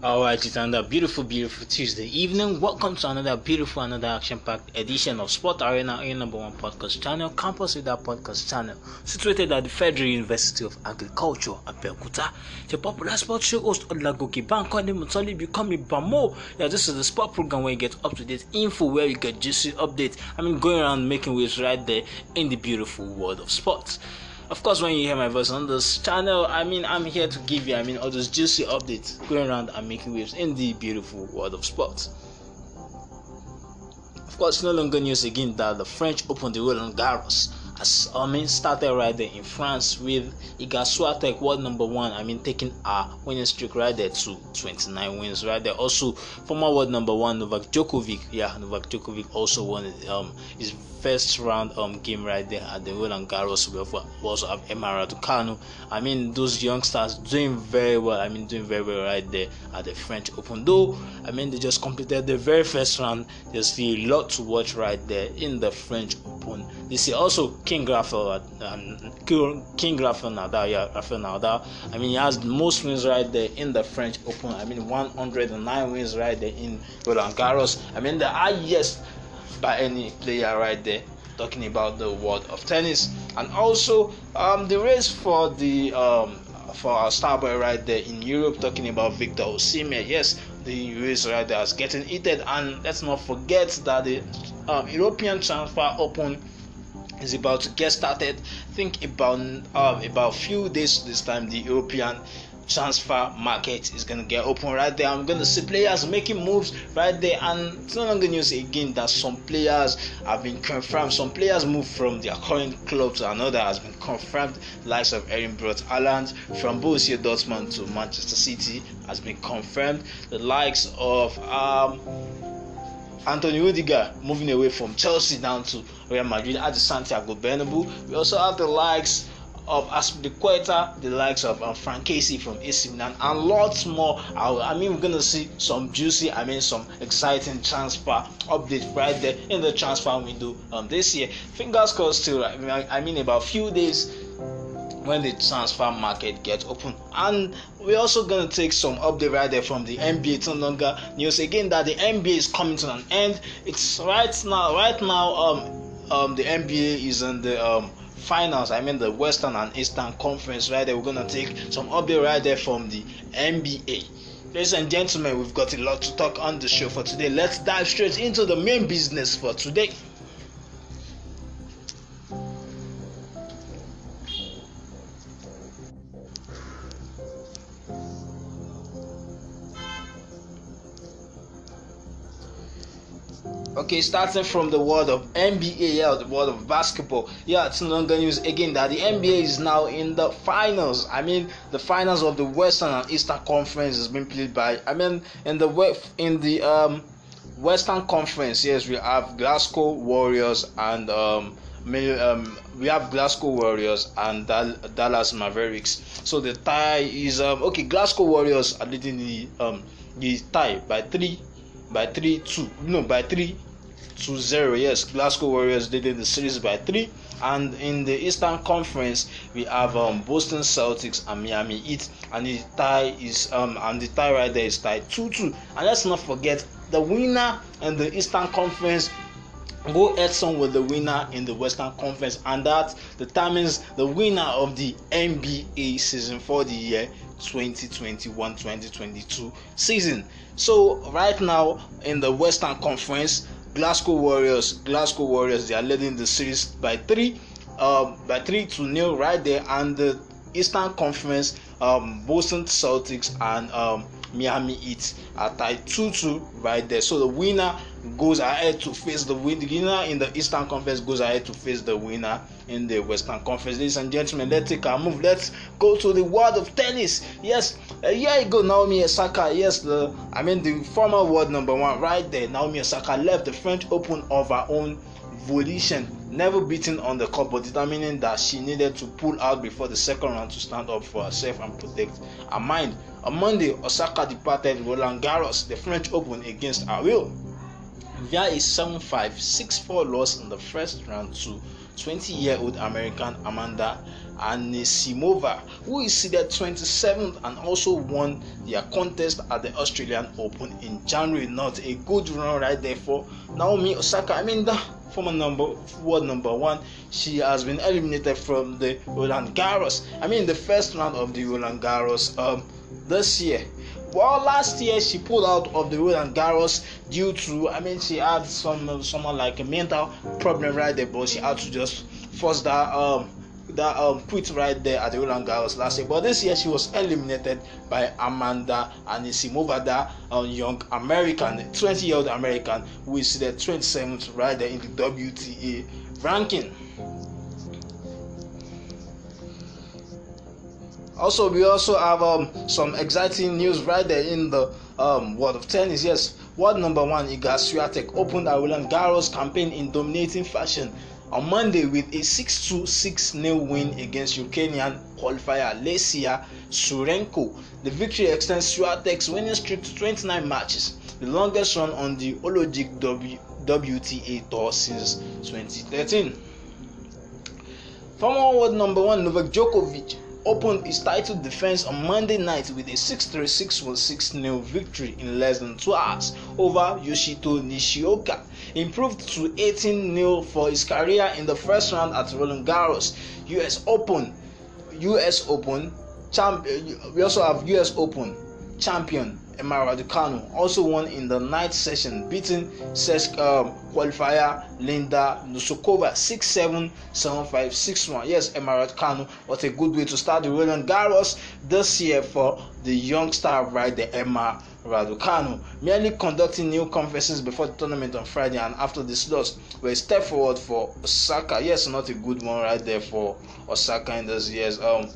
All right, it's another beautiful, beautiful Tuesday evening. Welcome to another beautiful, another action-packed edition of Sport Arena, your number one podcast channel, Campus with that podcast channel, situated at the Federal University of Agriculture, Abeokuta. The popular sports show host, Olagoke Bankole Mutoli, become a Bamo. Yeah, this is the sport program where you get up-to-date info, where you get juicy updates. I mean, going around making waves right there in the beautiful world of sports. Of course, when you hear my voice on this channel, I mean, I'm here to give you, I mean, all those juicy updates going around and making waves in the beautiful world of sports. Of course, no longer news again that the French opened the world on Garros as I mean started right there in France with Igasua Tech world number one. I mean taking a winning streak right there to 29 wins right there. Also former world number one Novak Djokovic, yeah Novak Djokovic also won um, his first round um, game right there at the Roland Garros. We also have Emara Ducano. I mean those youngsters doing very well. I mean doing very well right there at the French Open. Though I mean they just completed the very first round. There's still a lot to watch right there in the French Open you see, also King Rafael uh, and King Rafael Nadal. Yeah, Rafael Nadal. I mean, he has most wins right there in the French Open. I mean, 109 wins right there in Roland Garros. I mean, the highest by any player right there. Talking about the world of tennis, and also um, the race for the um, for our star boy right there in Europe, talking about Victor Osimhen. Yes, the US right there is getting heated, and let's not forget that the um, European Transfer Open is about to get started. Think about about um, about few days this time the European transfer market is gonna get open right there. I'm gonna see players making moves right there, and it's no longer news again that some players have been confirmed. Some players move from their current club to another has been confirmed. The likes of Erin Broth Alland from Borussia Dortmund to Manchester City has been confirmed. The likes of um Anthony Rudiger moving away from Chelsea down to Real Madrid at the Santiago Bernabeu. We also have the likes of Aspilicueta, the likes of um, Frank Casey from AC Milan, and lots more. I, mean, we're gonna see some juicy, I mean, some exciting transfer update right there in the transfer window um, this year. Fingers crossed, still, I mean, I mean about few days when the transfer market gets open. And we're also going to take some update right there from the NBA. It's no longer news again that the NBA is coming to an end. It's right now, right now, um, um, the NBA is in the um, finals. I mean the Western and Eastern Conference right there. We're going to take some update right there from the NBA. Ladies and gentlemen, we've got a lot to talk on the show for today. Let's dive straight into the main business for today. Okay, starting from the world of NBA, yeah, the world of basketball. Yeah, it's no longer news again that the NBA is now in the finals. I mean, the finals of the Western and Eastern Conference is being played by. I mean, in the in the um, Western Conference, yes, we have Glasgow Warriors and um, um, we have Glasgow Warriors and Dallas Mavericks. So the tie is um, okay. Glasgow Warriors are leading the um, the tie by three, by three two. No, by three to 0. Yes, Glasgow Warriors did the series by 3. And in the Eastern Conference, we have um, Boston Celtics and Miami Heat, and the tie is um, and the tie right there is tied 2-2. And let's not forget the winner in the Eastern Conference go Edson with the winner in the Western Conference, and that determines the winner of the NBA season for the year 2021-2022 season. So right now in the Western Conference, Glasgow Warriors. Glasgow Warriors. They are leading the series by three, um, by three to nil right there. And the Eastern Conference, um, Boston Celtics and um, Miami Heat are tied two two right there. So the winner goes ahead to face the winner in the Eastern Conference goes ahead to face the winner in the Western Conference. Ladies and gentlemen, let's take our move. Let's go to the world of tennis. Yes, a year ago, Naomi Osaka, yes, the I mean the former world number one right there, Naomi Osaka left the French Open of her own volition never beaten on the court but determining that she needed to pull out before the second round to stand up for herself and protect her mind. On Monday, Osaka departed Roland Garros, the French Open, against her will. via a 7-5 6-4 loss in the first round to 20-year-old American Amanda Anisimova, who is seeded 27th and also won their contest at the Australian Open in January. Not a good run right there for Naomi Osaka. I mean, the former number world number one, she has been eliminated from the Roland Garros. I mean, the first round of the Roland Garros um, this year well last year she pulled out of the road and garros due to i mean she had some someone like a mental problem right there but she had to just force that um that um quit right there at the roland garros last year but this year she was eliminated by amanda anisimova that um, young american 20 year old american who is the 27th right there in the wta ranking also we also have um, some exciting news right there in the um, world of tennis yes world number one iga swiatek opened her Roland garros campaign in dominating fashion on monday with a 6-2 6-0 win against ukrainian qualifier lesia surenko the victory extends swiatek's winning streak to 29 matches the longest run on the olympic w- wta tour since 2013 former world number one novak djokovic opened his title defense on Monday night with a 6-3-6-1-6 nil victory in less than two hours over Yoshito Nishioka, improved to 18-0 for his career in the first round at Roland Garros, US Open, US Open, champ- uh, we also have US Open champion Emaradukanu also won in the ninth session, beating CESC um, qualifier Linda Nusukova 6-7, 7-5, 6-1. Yes, Emaradukanu, what a good way to start the Roland Garros this year for the young star rider Emma Raducanu, merely conducting new conferences before the tournament on Friday and after this loss were a step forward for Osaka. Yes, not a good one right there for Osaka in this year's um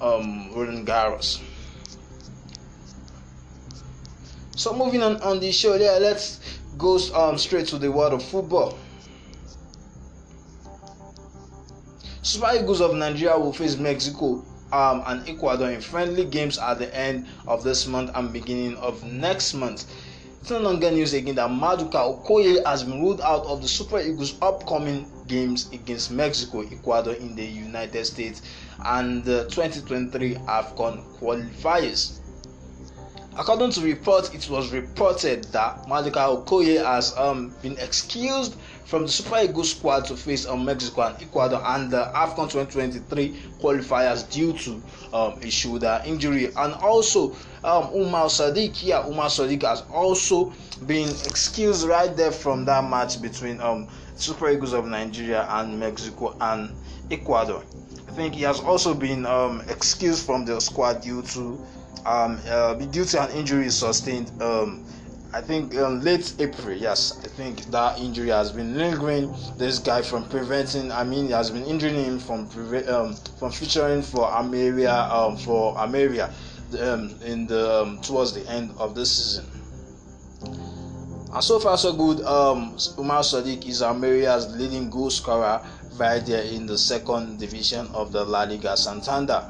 um Roland Garros. So moving on on the show, yeah, let's go um, straight to the world of football. Super Eagles of Nigeria will face Mexico um, and Ecuador in friendly games at the end of this month and beginning of next month. It's no longer news again that Maduka Okoye has been ruled out of the Super Eagles' upcoming games against Mexico, Ecuador in the United States, and 2023 AFCON qualifiers. According to reports, it was reported that Maduka Okoye has um, been excused from the Super Eagles squad to face um, Mexico and Ecuador and the AFCON 2023 qualifiers due to um, a shoulder injury. And also, um, Umar Sadiq, yeah, Umar Sadiq has also been excused right there from that match between um, Super Eagles of Nigeria and Mexico and Ecuador. I think he has also been um, excused from the squad due to um, uh, due to an injury sustained. Um, I think um, late April. Yes, I think that injury has been lingering this guy from preventing. I mean, he has been injuring him from preve- um, from featuring for Ameria um, for Ameria in the towards the end of the season. And so far so good. Umar Sadiq is Ameria's leading goal scorer by they're in the second division of the La Liga Santander.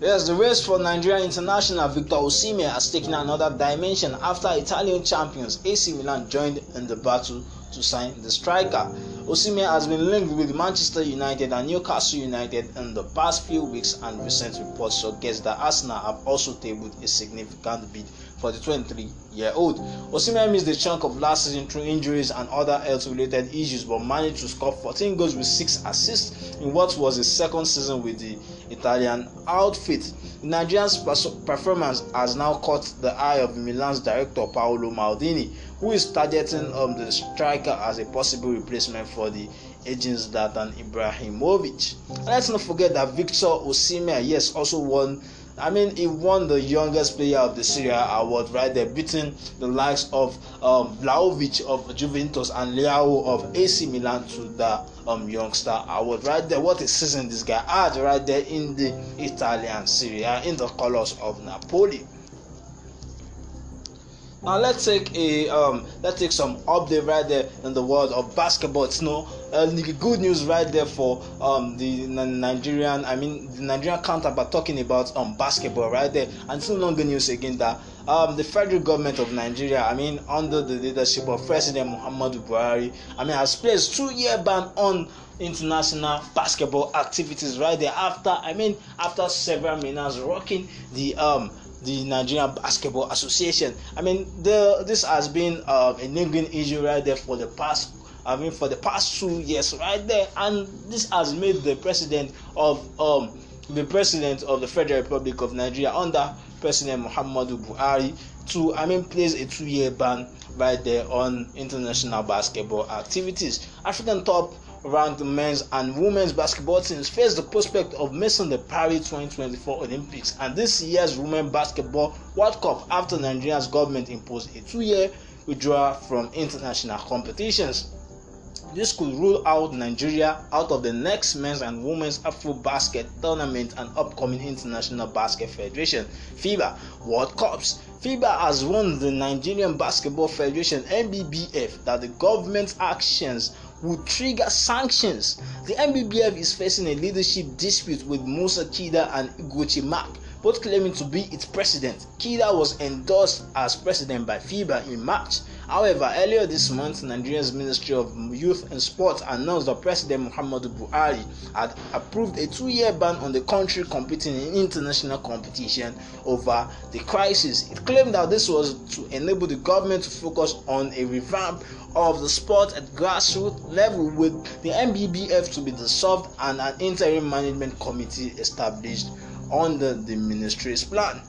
Yes, the race for Nigeria international Victor Osimhen has taken another dimension after Italian champions AC Milan joined in the battle to sign the striker. Osimhen has been linked with Manchester United and Newcastle United in the past few weeks, and recent reports suggest that Arsenal have also tabled a significant bid for the 23 year old. Osimhen missed the chunk of last season through injuries and other health related issues but managed to score 14 goals with 6 assists in what was his second season with the Italian outfit. The Nigerian's performance has now caught the eye of Milan's director Paolo Maldini, who is targeting um, the striker as a possible replacement for the agents Zlatan Ibrahimovic. And let's not forget that Victor Osimhen, yes, also won I mean, he won the youngest player of the Serie award right there, beating the likes of um, Vlaovic of Juventus and Leao of AC Milan to the um, youngster award right there. What a season this guy had right there in the Italian Serie in the colors of Napoli. Now let's take a um, let's take some update right there in the world of basketball. It's no uh, good news right there for um, the Nigerian. I mean the Nigerian but talking about um basketball right there, and it's no longer news again that um, the federal government of Nigeria. I mean under the leadership of President Muhammadu Buhari. I mean has placed two-year ban on international basketball activities right there after i mean after several minutes rocking the um the Nigerian Basketball Association. I mean, the, this has been uh, a niggling issue right there for the past. I mean, for the past two years, right there, and this has made the president of um, the president of the Federal Republic of Nigeria under President Muhammadu Buhari to I mean place a two-year ban right there on international basketball activities. African top around the men's and women's basketball teams face the prospect of missing the Paris 2024 Olympics and this year's Women's Basketball World Cup after Nigeria's government imposed a two year withdrawal from international competitions. This could rule out Nigeria out of the next men's and women's Afro basket tournament and upcoming International Basket Federation FIBA World Cups. FIBA has warned the Nigerian Basketball Federation NBBF that the government's actions will trigger sanctions. The MBBF is facing a leadership dispute with Musa Kida and Iguchi Mack both claiming to be its president. Kida was endorsed as president by FIBA in March. However, earlier this month, Nigeria's Ministry of Youth and Sports announced that President Muhammadu Buhari had approved a two-year ban on the country competing in international competition over the crisis. It claimed that this was to enable the government to focus on a revamp of the sport at grassroots level with the MBBF to be dissolved and an interim management committee established under the ministry's plan.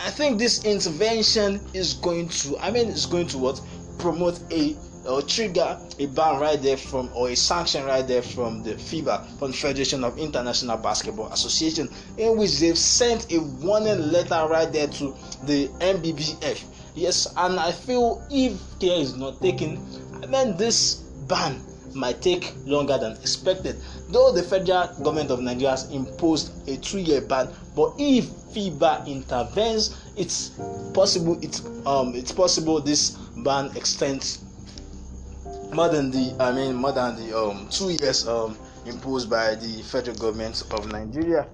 I think this intervention is going to, I mean, it's going to what? Promote a or trigger a ban right there from or a sanction right there from the FIBA Confederation of International Basketball Association in which they've sent a warning letter right there to the MBBF yes and I feel if care is not taken then this ban might take longer than expected. Though the federal government of Nigeria has imposed a three year ban, but if FIBA intervenes, it's possible it's um it's possible this ban extends more than the I mean more than the um two years um imposed by the federal government of Nigeria.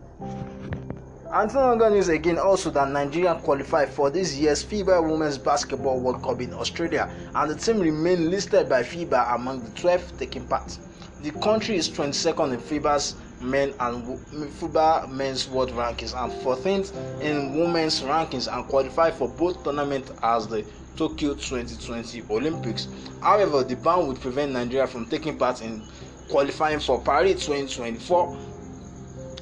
Anthony news again also that Nigeria qualified for this year's FIBA Women's Basketball World Cup in Australia and the team remained listed by FIBA among the 12 taking part. The country is 22nd in FIBA's men and FIBA men's world rankings and 14th in women's rankings and qualified for both tournaments as the Tokyo 2020 Olympics. However, the ban would prevent Nigeria from taking part in qualifying for Paris 2024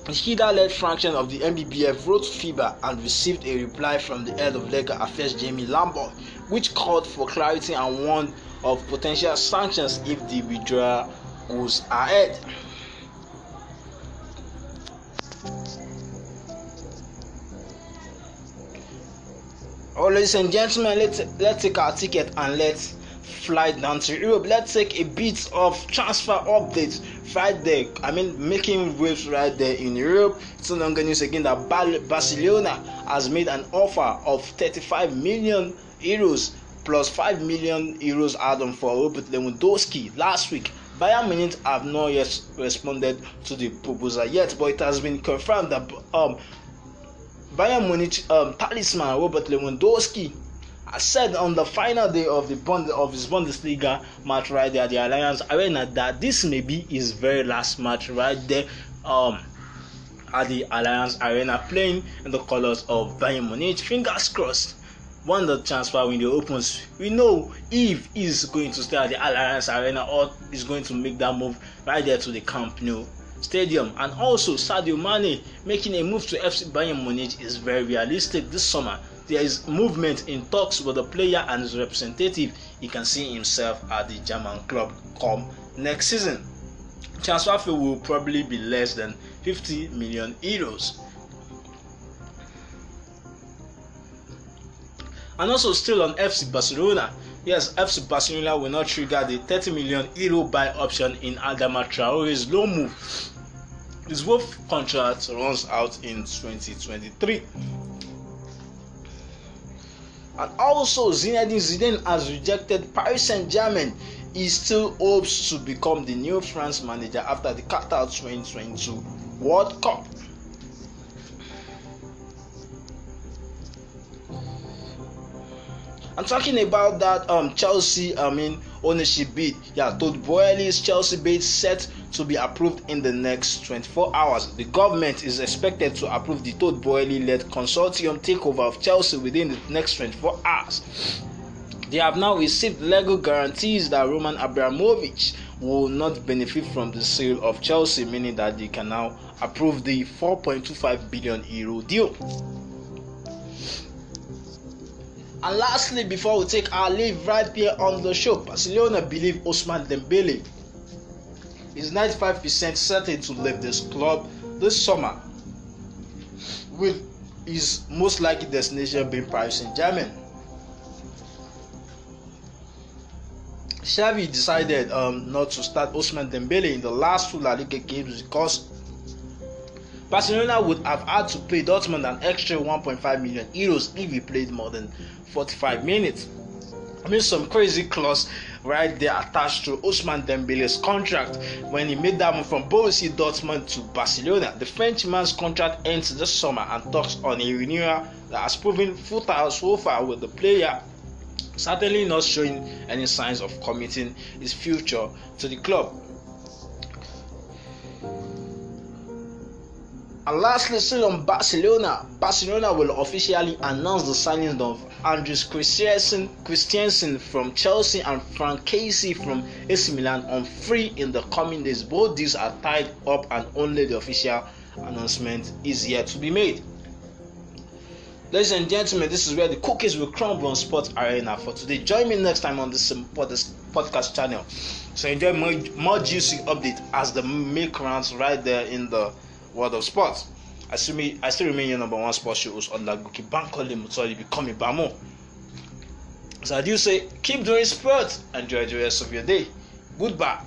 Ishida led fraction of the MBBF wrote FIBA and received a reply from the head of legal affairs Jamie Lambert, which called for clarity and warned of potential sanctions if the withdrawal was ahead. Oh, ladies and gentlemen, let's, let's take our ticket and let's flight down to Europe. Let's take a bit of transfer updates right there. I mean, making waves right there in Europe. It's no longer news again that Barcelona has made an offer of 35 million euros plus 5 million euros add-on for Robert Lewandowski last week. Bayern Munich have not yet responded to the proposal yet, but it has been confirmed that um, Bayern Munich um, talisman Robert Lewandowski said on the final day of the Bund- of his Bundesliga match right there at the Alliance Arena that this may be his very last match right there um, at the Alliance Arena playing in the colors of Bayern Munich. Fingers crossed. When the transfer window opens, we know if he's going to stay at the Alliance Arena or is going to make that move right there to the Camp Nou Stadium. And also, Sadio Mane making a move to FC Bayern Munich is very realistic this summer there is movement in talks with the player and his representative, he can see himself at the German club come next season. Transfer fee will probably be less than 50 million euros. And also still on FC Barcelona, yes, FC Barcelona will not trigger the 30 million euro buy option in Adama Traore's loan move. His Wolf contract runs out in 2023. And also, Zinedine Zidane has rejected Paris Saint Germain. He still hopes to become the new France manager after the Qatar 2022 World Cup. I'm talking about that um, Chelsea, I mean, ownership bid. Yeah, Todd Boehly's Chelsea bid set to be approved in the next 24 hours. The government is expected to approve the Todd Boehly-led consortium takeover of Chelsea within the next 24 hours. They have now received legal guarantees that Roman Abramovich will not benefit from the sale of Chelsea, meaning that they can now approve the 4.25 billion euro deal. And lastly, before we take our leave right here on the show, Barcelona believe Osman Dembele is 95% certain to leave this club this summer, with his most likely destination being Paris Saint Germain. Xavi decided um, not to start Osman Dembele in the last two La Liga games because Barcelona would have had to pay Dortmund an extra 1.5 million euros if he played more than 45 minutes. I mean, some crazy clause right there attached to Usman Dembele's contract when he made that move from Borussia Dortmund to Barcelona. The Frenchman's contract ends this summer and talks on a renewal that has proven futile so far with the player certainly not showing any signs of committing his future to the club. And lastly, still on Barcelona, Barcelona will officially announce the signing of Andres Christiansen, Christiansen from Chelsea and Frank Casey from AC Milan on free in the coming days. Both these are tied up, and only the official announcement is yet to be made. Ladies and gentlemen, this is where the cookies will crumble on Sports Arena for today. Join me next time on this podcast channel. So enjoy more, more juicy update as the milk runs right there in the world of sports. I still, I still remain your number one sports show host on Lagoki Bankole Mutori Become Ibamo. So I do say, keep doing sports. Enjoy the rest of your day. Goodbye.